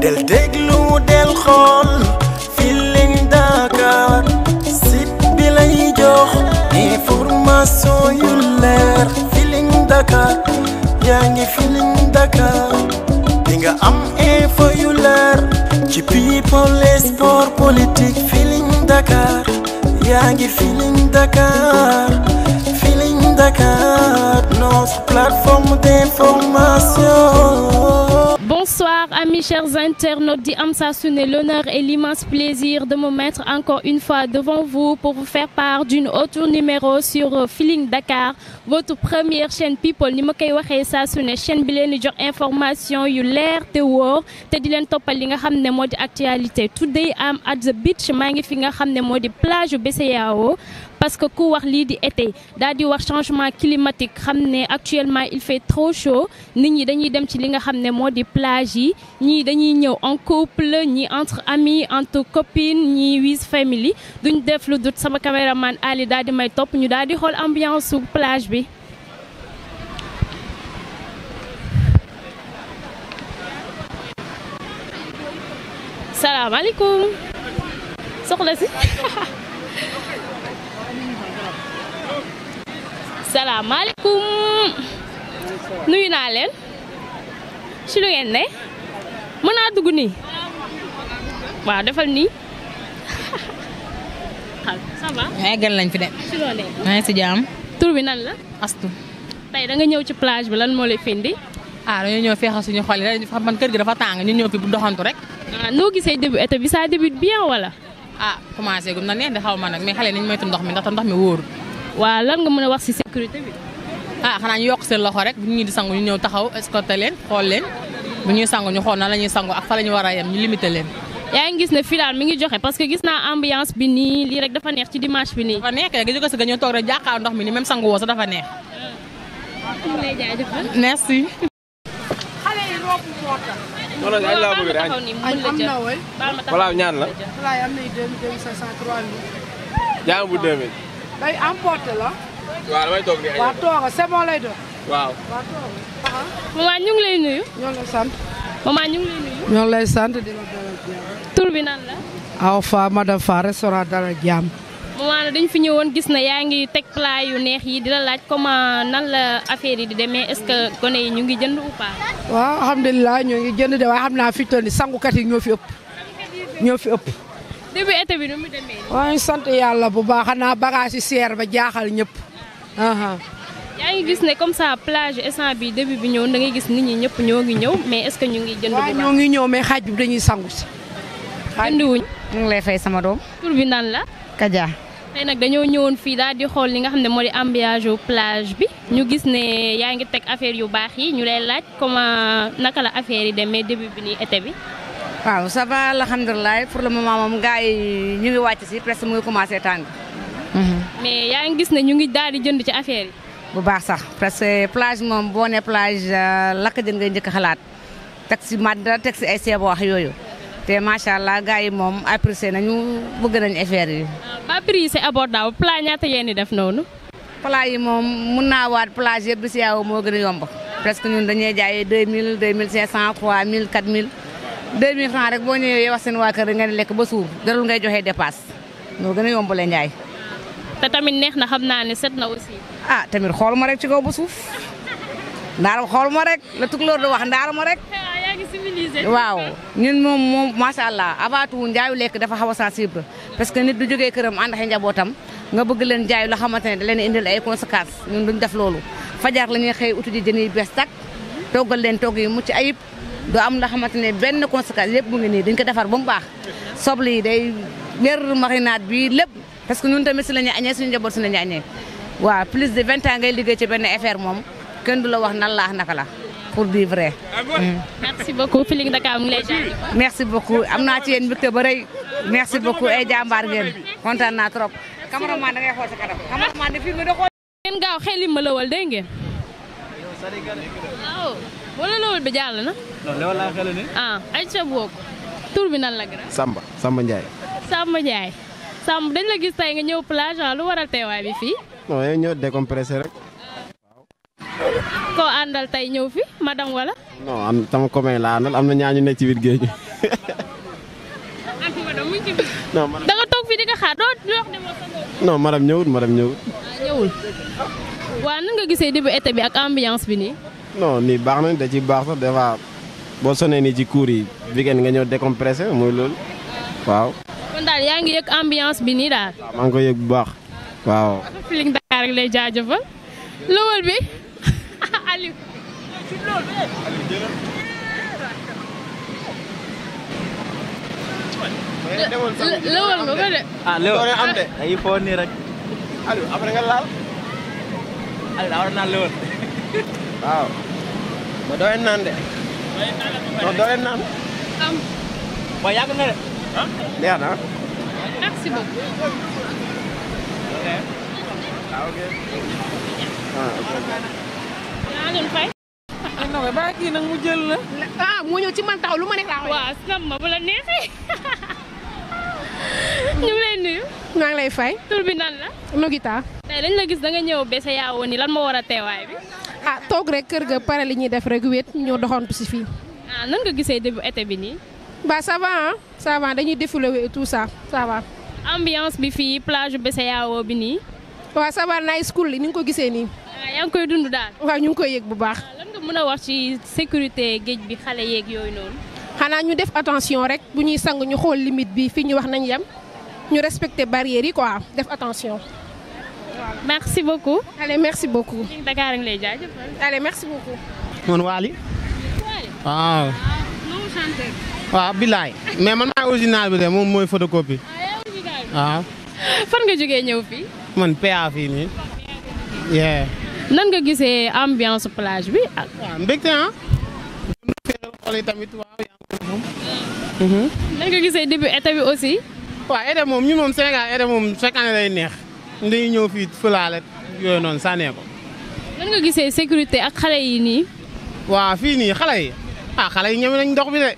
del déglu del xool Feeling Dakar site bi lay jox yu leer Feeling Dakar yaa ngi Feeling Dakar nga am info yu leer ci people et sport politique Feeling Dakar yaa ngi Feeling Dakar Feeling Dakar notre plateforme d'information Bonsoir amis chers internautes d'Amsa l'honneur et l'immense plaisir de me mettre encore une fois devant vous pour vous faire part d'une autre numéro sur euh, Feeling Dakar, votre première chaîne People. Ni ma koy waxee saa su ne chaîne bi leen di jox information yu leer te wóor te di leen toppal li nga xam ne moo di actualité. Today I'm at the beach maa ngi fi nga xam ne moo di plage e ao parce que ku wax lii di été daal di wax changement climatique xam ne actuellement il fait trop chaud nit ñi dañuy dem ci li nga xam ne moo di plage yi ñii dañuy ñëw en couple ñii entre amis entre copines ñii with family duñ def lu dut sama caméraman Ali daal may topp ñu daal di xool ambiance su plage bi. si. salaamaaleykum nuyu naa leen ci lu ngeen ne mën naa dugg nii waaw defal nii ça va. eggal lañ fi de. ci maa ngi si jaam. tur bi nan la. astu. tey da nga ñëw ci plage bi lan moo lay findi. ah dañoo ñëw feexal suñu xol yi xam dafa tàng ñu ñëw fi bu doxantu rek. ah noo gisee début été bi ça débute bien wala. ah commencé gum na neex de xaw ma nag mais xale nañ moytu ndox mi ndax ndox mi wóorul. waaw lan nga mën a wax ci sécurité bi. ah xanaa ñu yokk seen loxo rek bu ñuy di sangu ñu ñëw taxaw escorté leen xool leen bu ñuy sangu ñu xool na la ñuy sangu ak fa la ñu war a yem ñu limité leen. yaa ngi gis ne filaan mi ngi joxe parce que gis naa ambiance bi nii lii rek dafa neex ci dimanche bi nii. dafa neex rek nga jóge si nga ñëw toog rek jàkkaar ndox mi nii même sangu woo sax dafa neex. merci. ñaan la. day emporter la. waaw lay ñu ngi lay nuyu. ñoo lay sant. maman ñu ngi lay nuyu. ñoo tur bi nan la. aw fa madame fa restaurant dalal jàmm. maman dañ fi ñëwoon gis na yaa ngi teg plat yu neex yi di laaj comment nan la affaire yi di demee est-ce que gone yi ñu ngi jënd ou pas. waaw alhamdulilah ñoo ngi jënd de waaye xam naa fi ñu toll sangukat yi ñoo fi ëpp. ñoo fi ëpp. début été bi nu mu demee nii. waaye sant yàlla bu baax xanaa bagage yi seer ba jaaxal ñëpp. yaa ngi gis ne comme ça plage instant bi début bi ñëw da ngay gis nit ñi ñëpp ñoo ngi ñëw mais est-ce ñu ngi jënd. ñoo ngi ñëw mais xaaj bi dañuy sangu si. jënd wuñ. ñu ngi lay fay sama doom. tur bi nan la. Kaja. tey nag dañoo ñëwoon fii daal di xool li nga xam ne moo di ambiage plage bi. ñu gis ne yaa ngi teg affaire yu baax yi ñu lay laaj comment naka la affaire yi demee début bi nii été bi. waaw ça va alhamdulilah pour le moment moom gars yi ñu ngi wàcc si presque mu ngi commencé tàng. Mhm. mais yaa ngi gis ne ñu ngi daal di jënd ci affaire yi. bu baax sax parce que plage moom boo nee plage euh, lakk jën ngay njëkk xalaat teg si madda teg si ay seebo wax yooyu te macha allah gars yi moom apprécié nañu bëgg nañu affaire yi. ba ah, prix yi c'est abordable plat ñaata yéen di def noonu. plat yi moom mun naa waat plage yëpp si yaaw moo gën a yomb presque ñun dañuy jaayee mille. 2000 francs rek boo ñëwee wax seen waa kër nga ne lekk ba suur jarul ngay joxe dépasse noo gën a njaay. te tamit neex na xam naa ne set na aussi. ah tamit xool ma rek ci kaw suuf ndaara xool ma rek la tukulóor di wax ndaara ma rek. Ah, waaw ñun moom moom macha allah avant tout njaayu lekk dafa xaw a sensible parce que nit du jógee këram ànd ak njabootam nga bëgg leen jaayu la xamante ne da leen indil ay conséquences ñun duñ def loolu fajar la ñuy xëy uti ji jën yi bees tàq toggal leen yi mucc ayib. du am nga xamante ne benn conséquence lépp mu ngi nii dañ ko defar ba mu baax soble yi day mer marinaat bi lépp parce que ñun tamit si la ñuy añee suñu njaboot si la ñuy añee waaw plus de vingt ans ngay liggéey ci benn affaire moom kenn du la wax nan laax naka la pour dire vrai. Mm. merci beaucoup Feeling Dakar mu ngi lay merci beaucoup am naa ci yéen mbégte ba rëy merci beaucoup ay jàmbaar ngeen kontaan naa trop. cameraman da ngay xool sa kanam gaaw xel ma la wal dégg ngeen. wala loolu bi jàll na. non lewal laa xelal ni. sa ah, bokk tur bi nan la gën Samba Samba Ndiaye. Samba dañ la gis tey nga ñëw plage ah, lu waral teewaay bi fii. non yow ñëw décompressé rek. koo àndal tey ñëw fi madame wala. non am sama commune laa àndal am na ñaañu nekk ci biir géej gi. toog fi di xaar doo wax ma. non madame ñëwul madame ñëwul. Ah, waa nan nga gisee début été bi ak ambiance bi nii. non nii baax na da ci baax sax des fois boo sonee nii ci cours yi weekend nga ñëw décompressé mooy loolu waaw. kon daal yaa ngi yëg ambiance bi nii daal. waaw maa ngi koy yëg bu baax waaw. Feeling Dakar rek lay jaajëfal lowal bi Aliou. lowal nga ko de. ah lowal am de dañuy ah, foo nii rek. Aliou après nga laal. Aliou daa war a naan lowal. waaw. ma doo leen naan de. ma doo leen naan. am. waaw na de. ah. neex ah ok. ba ah, kii mu jël ah, ci man taxaw lu ma nekk laa koy. waaw sàmm bu la neexee. ñu lay nuyu. maa lay fay. tur bi nan la. Nogita. tey dañ la gis da nga ñëw bese yaa woon ni lan ma war a teewaay bi. ah toog rek kër ga pare li ñuy def rek wéet ñoo doxantu si fii. ah nan gisee début été bi nii. ba ça va dañuy défouler et tout ça ça va. ambiance bi fii plage BCEAO bi nii. waa ça va nice cool ni nga ko gisee nii. Ah, yaa ngi koy dund daal. waaw ñu ngi koy yëg bu baax. Ah, mën a wax ci sécurité géej bi xale yeeg yooyu noonu. xanaa ñu def attention rek bu ñuy sang ñu xool limite bi fii ñu wax nañ yem ñu respecter barrière yi quoi def attention. merci beaucoup. allez merci beaucoup. Dakar ngi lay jaajëfal. allez merci beaucoup. man Waly. waaw. waaw bilaay mais man maay original bi de moom mooy photocopie. waaw. Ah, ah. fan nga jógee ñëw fii. man PA fii nii. yeah. nan nga gisee ambiance plage bi ak. waaw mbégte ah. tamit waaw yaa ngi moom. Mm-hmm. nan nga gisee début été bi aussi. waaw été moom ñu moom Sénégal été moom chaque année lay neex. dañuy ñëw fii fëlaale yooyu noonu sànnee ko. nan nga gisee sécurité ak xale yi nii. waa fii nii xale yi ah xale yi ñeme nañ dox bi de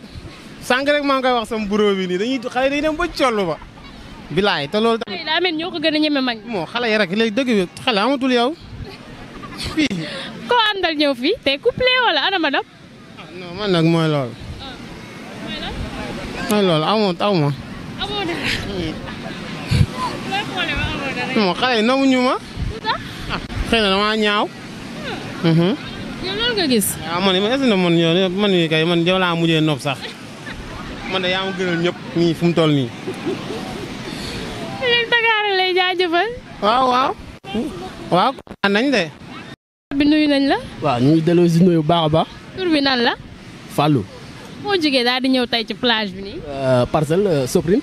sànq rek maa ngi koy wax sama bureau bi nii dañuy xale yi dañuy dem ba collu bilaay te loolu tamit daa mel ñoo ko gën a ñeme mag. moo xale yi rek léegi dëgg bi xale amatul yow fii. koo àndal ñëw fii te couple wala ana madam. Ah, non man nag mooy loolu. Ah, moom xale yi nawuñu ma. ah xëy na damaa ñaaw. Hmm. Mhm. yow loolu nga gis. waaw ah, man est ce que man yow mujjee nopp sax man de yaa ma gënal ñëpp nii fu toll nii. leen tagaare lay jaajëfal. waaw waaw. waaw kontaan nañ de. bi nuyu nañ la. waaw ñu ngi nuyu baax a baax. tur bi nan la. Fallou. moo jógee daal di ñëw tey ci plage bi nii. Euh, parcelle euh, Soprim.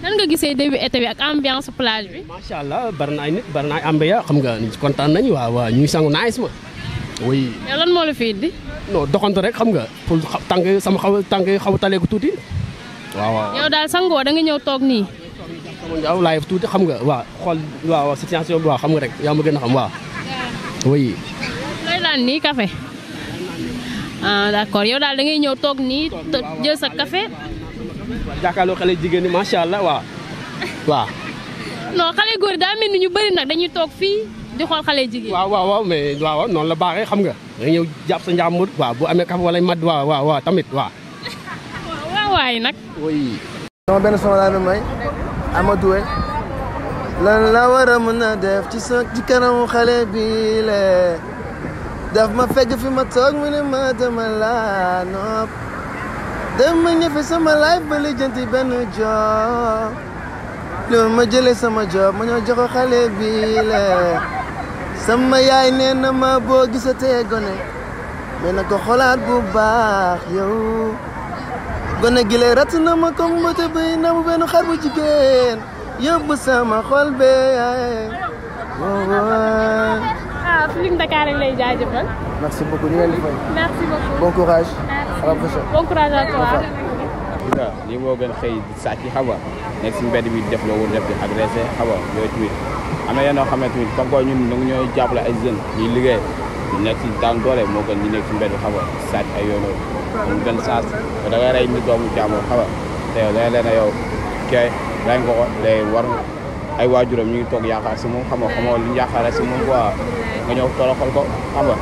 nan nga gisee début été bi ak ambiance plage bi. macha allah bari na ay nit bari na ay ambiance xam nga kontaan nañu waaw waaw ñu ngi sangu nice ma. lan moo la fi rek xam nga pour tànk sama xaw tànk xaw a taleeku tuuti. waaw waaw yow daal sangoo da nga ñëw toog nii. waaw laay tuuti xam nga waaw xool waaw situation bi xam nga rek yaa ma gën a xam waaw. oui. looy naan ah, daal da ngay ñëw toog nii jël sa café jàkkaarloo xale jigéen ñi macha allah waaw waaw. non xale góor daa mel ni ñu bëri nag dañuy toog fii di xool xale jigéen. waaw waaw waaw mais waaw noonu la baaxee xam nga. da ñëw jàpp sa njàmbur waaw bu amee kaf wala mad waaw waaw waaw tamit waaw. waaw waay nag. oui. lan la war a def ci sa ci xale bii le daf ma fekk fi ma toog mu ne ma dama laa nopp. dama ñëfe sama life ba lijjanti benn job loolu ma jële sama job ma ñoo joxo xale bi sama yaay nee na ma boo gisatee gone mais na ko xolaat bu baax yow gone gi lay ratt na ma comme mbata bay na mu benn xar bu jigéen yóbbu sama xol be waaw ah, Feeling Dakar lay jaajëfal merci beaucoup ñu leen di fay merci beaucoup bon courage bon courage moo gën xëy sàcc xam nga nekk si mbedd bi def loolu def di agressé xam nga yooyu tamit am na yenn xam ne tamit comme quoi ñun nangu ñooy jàppale ay jeunes ñuy liggéey ñu nekk si doole moo gën ñu nekk si mbedd bi xam nga sàcc ay yoon loolu mu gën chance te da rey nit doomu jàmbur xam nga a ko léegi war ay waajuram ñu ngi toog yaakaar si moom xam nga xamoo li ñu yaakaare si moom quoi nga ñëw toroxal ko xam nga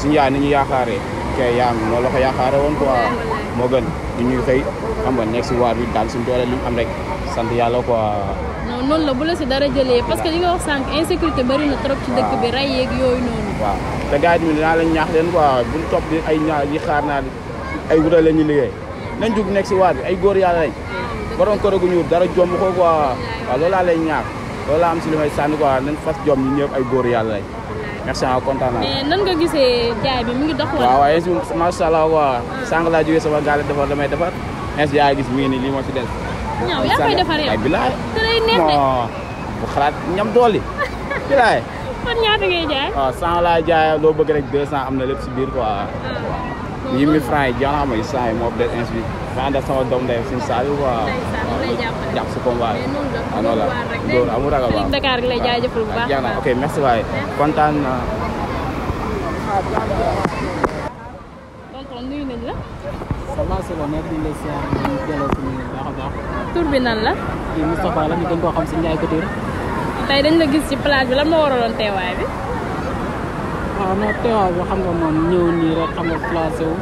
suñu yaay ni ñu yaakaaree fekkee yaa ngi noonu la ko yaakaare woon quoi moo gën ñu ñuy xëy xam si waar bi daal suñu doole li ñu am rek sant yàlla quoi. non noonu la bu la si dara jëlee. parce que li nga wax sànq insécurité bari trop. ci dëkk bi rey yooyu noonu. waaw te gars yi dinaa leen ñaax leen quoi buñ topp di ay ñaax yi xaar naa ay wutal la ñuy liggéey nañ jug nekk si waar bi ay góor yàlla lañ. borom kër gu ñuul dara jomb ko quoi waaw loolu laa lay ñaax loolu laa am si li may sànni quoi nañ fas jom ñi ñëpp ay góor yàlla merci waaw kontaan naa. mais nan nga gisee jaay bi mu ngi dox wala. waaw waaye macha allah waaw. sànq laa jógee sama gaal defar defar. est yaa gis mi ngi nii lii moo fi des. ñaaw yaa defar yow ay bilaay. te day neex de bu xalaat ñam dooli bilaay. kon ñaata jaay. waaw sànq laa jaay bëgg rek am na lépp si biir quoi. Ah. waaw yi 1000 francs yi jeex moo fi des ma ànd ak sama doom ndey Sine Saliou jàpp si combat bi. ah si la nekk ñu si ñu baax a baax. tur bi nan la. kii la ñu gën koo xam si Ndiaye Couture. tey dañ la gis ci plage bi lan moo waraloon teewaay bi. waaw teewaay bi xam nga moom ñëw nii rek xam nga placé wu.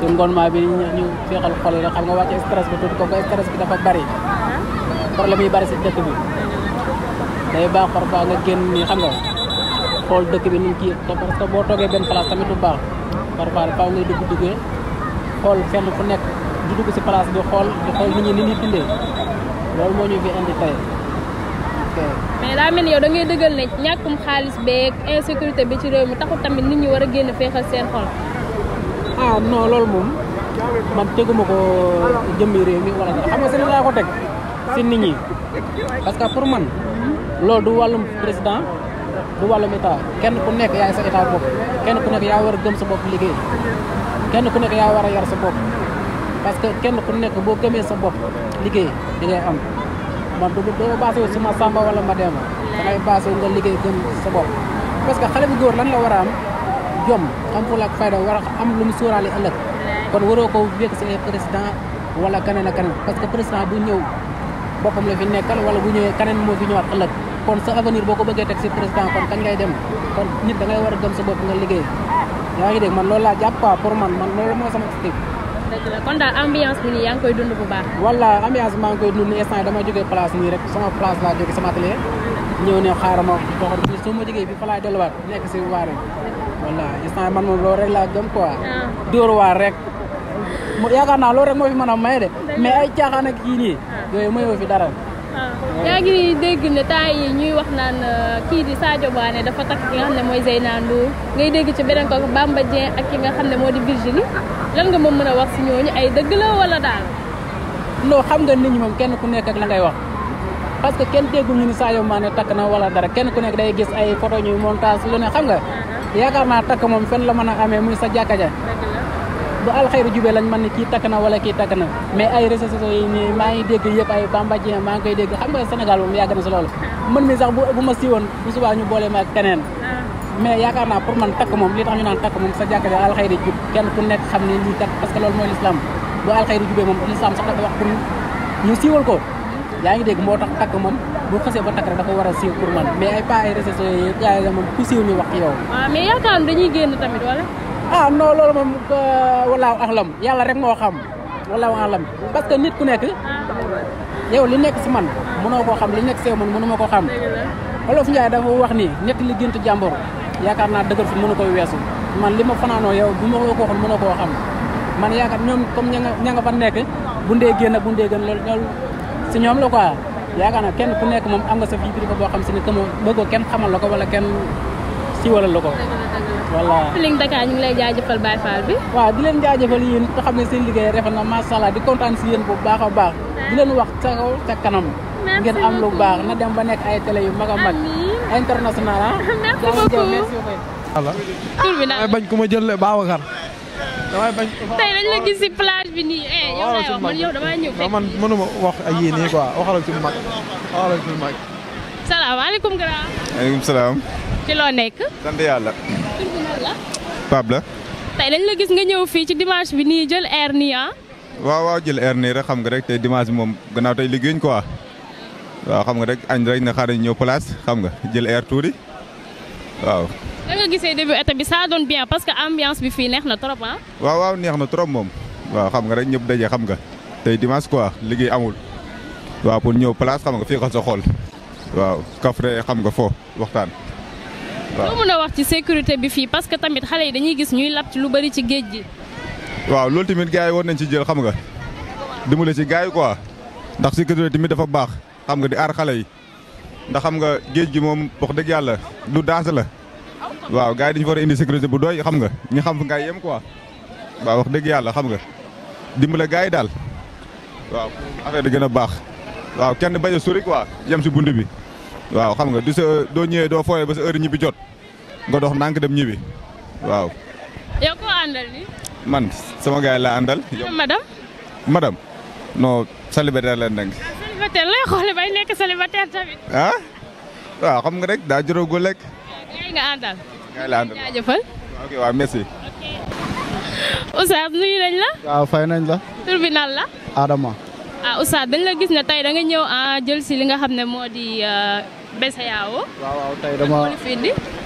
suñ ngonnement bi ñu feexal xol yi rek xam nga wàcc stress bi tuuti ko ko stress bi dafa bari problème yi bari si dëkk bi day baax parfois nga génn nii xam nga xool dëkk bi nu kii parce que boo toogee benn place tamit du baax parfois faaw ngay dugg duggee xool fenn fu nekk di dugg si place bi xool di xool nit ñi ni ñuy dundee loolu moo ñu fi indi tey mais daa mel yow da ngay dëggal ne ñàkkum xaalis beeg insécurité bi ci réew mi taxul tamit nit ñi war a génn feexal seen xol ah non loolu moom man teguma ko jëmmi réew mi wala xam nga seen laa ko teg si nit ñi parce que pour man loolu du wàllum président du wàllum état kenn ku nekk yaay sa état bopp kenn ku nekk yaa war a sa bopp liggéey kenn ku war a yar sa bopp parce que kenn ku nekk boo gëmee sa bopp liggéey di ngay am man du doo baase wu suma Samba wala ma Demba dangay baase nga liggéey gëm sa bopp parce que xale bu góor lan la war a am jom xam fula ak fayda war a am lu mu sóoraale ëllëg kon waroo ko wékk si ay président wala keneen ak keneen parce que président bu ñëw boppam la fi nekkal wala bu ñëwee keneen moo fi ñëwaat ëllëg kon sa avenir boo ko bëggee teg si président kon war a gëm sa bopp nga liggéey yaa ngi dégg man loolu laa jàpp pour man man loolu moo sama explique la kon daal ambiance bi nii yaa ngi koy dund bu baax wala ambiance bi maa ngi koy dund instant dama ma doxal fii soo ma jógee bi fa laay delluwaat nekk si waare gis naa man moom loolu rek laa gëm quoi. Ah. dóor waar rek. mu yaakaar naa loolu rek moo fi mën a may de. mais ay caaxaan ak kii nii. Ah. yooyu mayoo fi dara. Ah. yaa ngi dégg ne temps yi ñuy wax naan euh, kii di Sadio Mané dafa takk ki nga xam ne mooy Zeyna Ndour ngay dégg ci beneen kooku Bamba ak ki nga xam ne moo di Virginie lan nga moom man a wax si ñooñu ay dëgg la wala daal. non xam nga nit ñi moom kenn ku nekk ak la ngay wax parce que kenn dégguñu ni Sadio Mané takk na wala dara kenn ku nekk day gis ay photo ñuy montage lu ne xam nga. yaakaar naa takk moom fenn la mën a amee muy sa jàkka ja bu alxayru jubee lañ man ne kii takk na wala kii takk na mais ay réseaux sociaux yi nii maa ngi dégg yëpp ay bambaji maa ngi koy dégg xam nga Sénégal moom yàgg na si loolu mën sax bu ma siiwoon bu subaa ñu boole ak keneen ah. mais yaakaar naa pour man takk moom li tax ñu naan takk moom sa jàkka ja alxayri jub kenn ku nekk xam ne lii kat parce que loolu mooy l'islam bu alxayru jubee moom l'islam sax dafa wax pour ñu siiwal ko yaa ngi dégg moo tax takk man bu xasee ba takk rek dafa war a siiw pour man mais ay pas ay récession yi gars yi moom ku siiw ñu wax yow. waaw ah, mais yaakaar wala. ah non loolu moom euh, moo xam walaaw axlam parce que nit ku nekk. yow li nekk si man mënoo koo xam li nekk see man mënuma koo xam. olof Ndiaye dafa wax ni ñetti li gént yaakaar naa dëgër fi mënu koy weesu man li ma fanaanoo yow bu ma ko waxoon mënoo koo xam man yaakaar ñoom comme ña nga ña nga fa nekk bu ndee génn ak bu ndee gën si ñoom la quoi yaakaar naa kenn ku nekk moom am nga sa vie privée boo xam si ne que moom kenn xamal la ko wala kenn siiwalal la ko. voilà Feeling Dakar ñu ngi lay jaajëfal Baye bi. waaw di leen jaajëfal yéen te xam ne seen liggéey rafet na macha allah di kontaan si yéen bu baax a baax. di leen wax ca kaw ca kanam. ngeen am lu baax na dem ba nekk ay télé yu mag a mag. international ah. merci beaucoup tur bi bañ ku ma jël Babacar damay bañ. tey dañ la gis eh, yàlla. tur bi nga ñëw fii ci dimanche bi nii jël air nii ah. waaw waaw jël air nii rek xam nga rek tey dimanche bi moom gannaaw tey liggéeyuñ quoi waaw xam nga rek añ rek na xaaral ñëw place xam nga jël air tuuti. waaw. nan nga gisee début bi ça donne bien parce que ambiance bi fii neex na trop ah. waaw waaw neex na trop moom. waaw xam nga rek ñëpp daje xam nga. tey dimanche quoi liggéey amul. waaw pour ñëw place xam nga féexal sa xol. waaw xam nga foo waxtaan. waaw loo mën a wax ci sécurité bi fii parce que tamit xale yi dañuy gis ñuy lap ci lu bari ci géej gi. waaw loolu tamit gars yi war nañ ci jël xam nga. dimbale ci gars yi quoi. ndax sécurité tamit dafa baax xam nga di aar xale yi. ndax xam nga géej gi moom wax dëgg yàlla lu daas la waaw gars yi dañu war indi sécurité bu doy xam nga ñu xam fu ngay yem waa waaw wax dëgg yàlla xam nga dimbale gars yi daal waaw affaire di gën a baax waaw kenn bañ a sori quoi yem si bunt bi waaw xam nga du sa doo ñëwee doo fooyee ba sa heure ñibbi jot nga dox ndànk dem ñibbi waaw. yow koo man sama gars yi laa àndal. yow madame. madame non célibataire leen nekk. célibataire looy xool bay nekk célibataire tamit. ah waaw xam nga rek daa juróogul rek. ngay nga àndal. ngay la àndal jaajëfal. ok waaw fay nañ la. tur ah, dañ la gis ne tey da ñëw a ah, jël li nga xam ne moo di ah, Bessayaawo. waaw waaw tey dama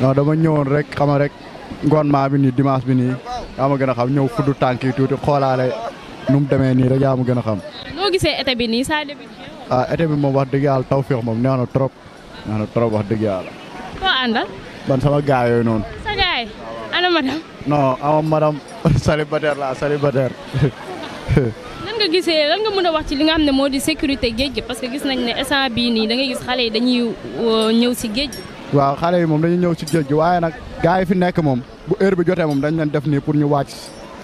non ñëwoon rek xama rek. ngoon maa bi nii dimanche bi nii yaa ma gën a xam ñëw fuddu tànk yi tuuti xoolaale nu demee nii rek yaa ma gën a xam. noo gisee été bi nii saa début. ah été bi moom wax dëgg yàlla taw féex moom neex na trop neex na trop wax dëgg yàlla. koo àndal. man sama gaa yooyu noonu. sa gaa yi ana madame. non ama madame célibataire la célibataire. nan nga gisee lan nga mën a wax ci li nga xam ne moo di sécurité géej gi parce que gis nañ ne instant bii nii da gis xale yi dañuy euh, ñëw si géej gi. waaw xale yi moom dañuy ñëw si géej gi waaye nag gaa yi fi nekk moom bu heure bi jotee moom dañ leen def nii pour ñu wàcc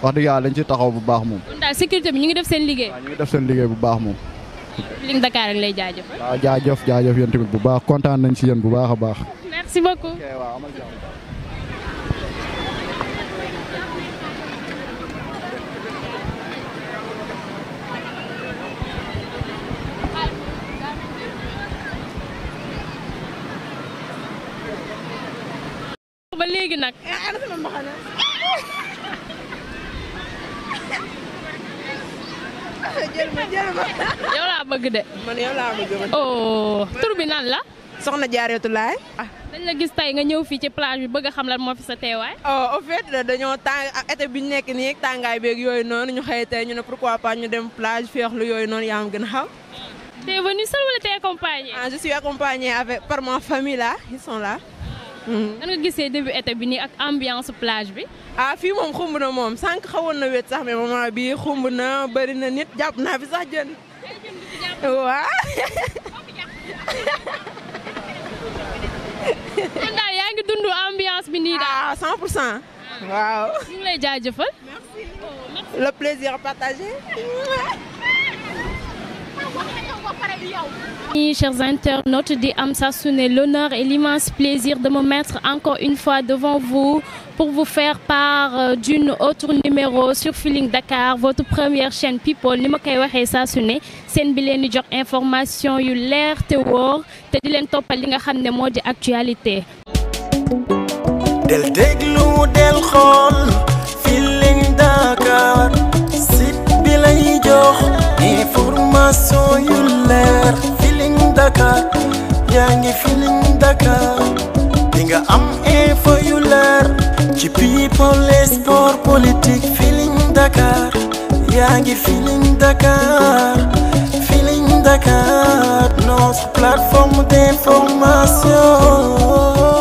wax dëgg yàlla dañ taxaw bu baax moom. kon ñu ngi def seen liggéey. waaw def seen liggéey bu baax moom. Feeling Dakar lay jaajëfal. waaw ah, jaajëf jaajëf yéen tamit bu baax kontaan nañ ci yéen bu baax a baax. jël ma jël ma. yow laa bëgg de. man yow laa bëgg ma. Oh, la. soxna jaareetu laay. Ah, dañ la gis tey nga ñëw fii ci plage bi bëgg xam lan moo fi sa teewaay. Oh, au fait dañoo tàng ak été bi ñu nekk nii tàngaay beeg yooyu noonu ñu xëy tey ñu ne a pas ñu dem plage feexlu yooyu noonu yaa ma gën a xam. t'es venu seul wala t'es accompagné. ah je suis accompagné avec par ma famille là ils sont là. Mm-hmm. nan nga gisee début bi nii ak ambiance plage bi. ah fii moom xumb na moom sànq xawoon na wet sax mais moment bii xumb na bëri nit jàpp naa fi sax jën. waaw. kon daal yaa ngi dund ambiance bi nii daal. ah 100 pour cent. Ah. waaw. ñu ngi lay jaajëfal. merci. Oh, le plaisir partagé. Chers internautes di am saa su ne l'honneur et l'immense plaisir de me mettre encore une fois devant vous pour vous faire part euh, d'une autre numéro sur Feeling Dakar votre première chaîne people ni ma koy waxee saa su ne seen bi leen di jox information yu leer te wóor te di leen toppal li nga xam ne moo di actualité. del déglu del xool Feeling Dakar information yu leer Dakar yaa ngi Feeling Dakar di nga am info yu leer ci Dakar yaa ngi Feeling Dakar Feeling Dakar notre plateforme d'information